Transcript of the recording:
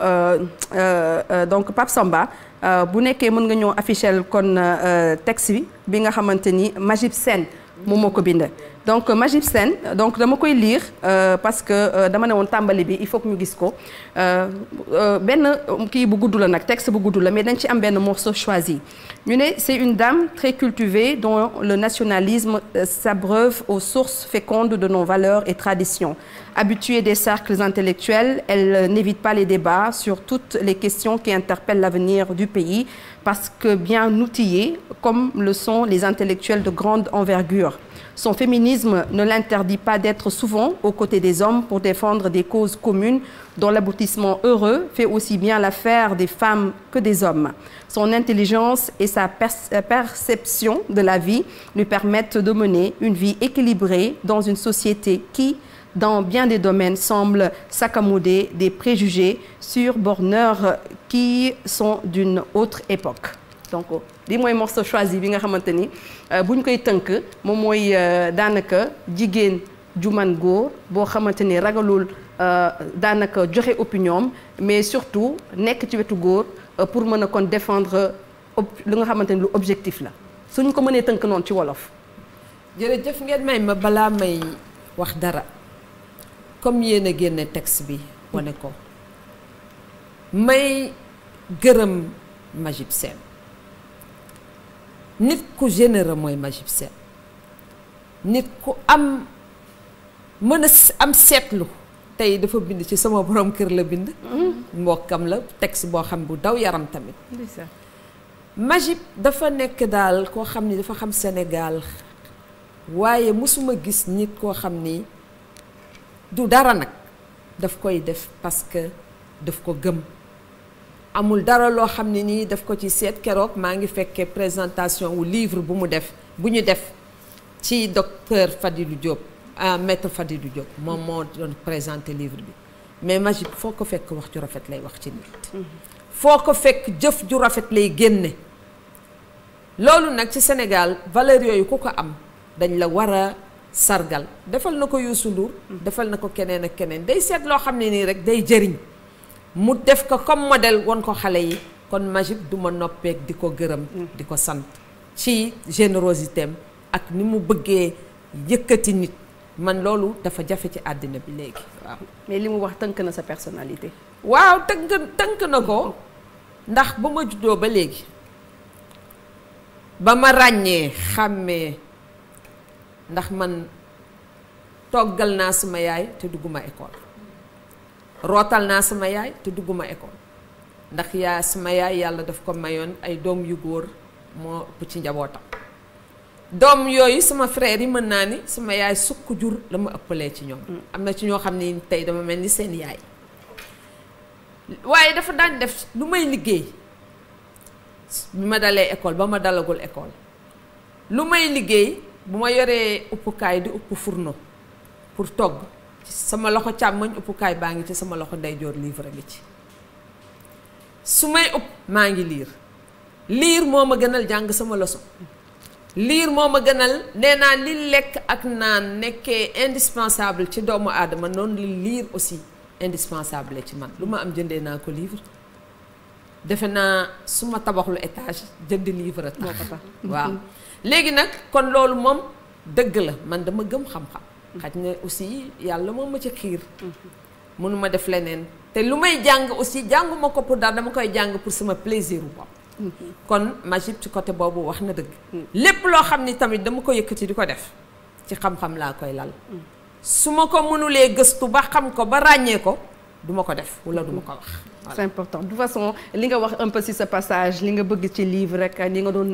Euh, euh, euh, donc Pape Samba bu nekkee mën nga ñëw afficher kon tex bi bi nga xamante ni Magib Sène moom moo ko bind donc euh, Magib Sène donc dama koy lire euh, parce que euh, dama ne woon tàmbali bi il faut ñu gis ko benn kii bu gudd la nag texte bu gudd la mais dañ ci am benn morceau choisi ñu ne c'est une dame très cultivée dont le nationalisme s'abreuve aux sources fécondes de nos valeurs et traditions habituée des cercles intellectuels elle n'évite pas les débats sur toutes les questions qui interpellent l'avenir du pays parce que bien outillée comme le sont les intellectuels de grande envergure Son féminisme ne l'interdit pas d'être souvent aux côtés des hommes pour défendre des causes communes dont l'aboutissement heureux fait aussi bien l'affaire des femmes que des hommes. Son intelligence et sa euh, perception de la vie lui permettent de mener une vie équilibrée dans une société qui, dans bien des domaines, semble s'accommoder des préjugés sur borneurs qui sont d'une autre époque. donc li mooy morceau choisi bi nga xamante ni euh, bu ñu koy tënk moom mooy euh, daanaka jigéen juman man góor boo xamante ni ragalul euh, daanaka joxe opinion mais surtout nekk ci wetu góor pour mën a kon défendre lu nga xamante ni lu objectif la suñu ko mënee tënk noonu ci wolof. jërëjëf ngeen may ma balaa may wax dara comme yéen a génne texte bi wane ko may gërëm Magib Sène nit ku généreux mooy Majib Sène nit ku am mën a am seetlu tey dafa bind ci sama borom kër la bind mm-hmm. mbokkam la texte boo xam bu daw yaram tamit Majib dafa nekk daal koo xam ni dafa xam Sénégal waaye mësuma gis nit koo xam ni du dara nag daf koy def parce que daf ko gëm amul dara loo xam ne nii daf ko ci seet keroog maa ngi fekkee présentation wu livre bu mu def bu ñu def ci docteur Fadilou Diop ah maître Fadilou Diop moom moo doon présenté livre bi mais Magib foo ko fekk wax ju rafet lay wax ci nit. Mm-hmm. foo ko fekk jëf ju rafet lay génne. loolu nag ci Sénégal valeur yooyu ku ko am dañ la war a sargal defal na ko Youssou Ndour mm-hmm. defal na ko keneen ak keneen day seet loo xam ne nii rek day jëriñ. mu def ko comme modèle won ko xale yi kon Magib du ma noppeek di ko gërëm mm. di ko sant ci générosité ak ni mu bëggee yëkkati nit man loolu dafa jafe ci àddina bi léegi waaw mais li mu wax tënk na sa personnalité waaw tënk tënk na ko ndax ba ma juddoo ba léegi ba ma ràññee xàmmee ndax man toggal naa sama yaay te dugguma école rootal naa sama yaay te dugguma école ndax yaa sama yaay yàlla daf ko mayoon ay doom yu góor moo ëpp ci njabootam doom yooyu sama frère yi mën naa ni sama yaay sukk jur la ma ëppalee ci ñoom mm. am na ci ñoo xam ne tey dama mel ni seen yaay waaye dafa daan def lu may liggéey bi ma dalee école ba ma dalagul école lu may liggéey bu ma yoree uppukaay di upp furno pour togg sama loxo càmmoñ uppukaay baa ngi ci sama loxo ndeyjoor livre ngi ci su may upp maa ngi liir liir moo ma gënal jàng sama loso liir moo ma gënal nee naa li lekk ak naan nekkee indispensable ci doomu aadama noon li liir aussi indispensable ci man lu ma am jëndee naa ko livre defe naa su ma tabaxlu étage jënd livre a tax waaw léegi nag kon loolu moom dëgg la man dama gëm xam-xam xaj na aussi yàlla moom ma ci xiir mm-hmm. mënuma def leneen te lu may jàng aussi jànguma ko pour daal dama koy jàng pour sama plaisir u bopp mm-hmm. kon Magib ci côté boobu wax na dëgg mm-hmm. lépp loo xam ni tamit dama ko yëkkati di ko def ci xam-xam laa koy lal su ma ko mënulee gëstu ba xam ko ba ràññee ko du ma ko def wala du ko wax c'est important de façon li nga wax un peu passage li nga bëgg ci livre rek ni nga doon